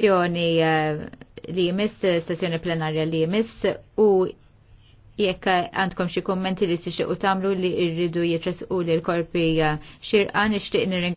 sessjoni eh, li jmiss, eh, sessjoni plenarja li jmiss u jekk għandkom xi kummenti li tixtiequ tagħmlu li rridu jitresqu l korpi eh, xirqan, nixtieq nirring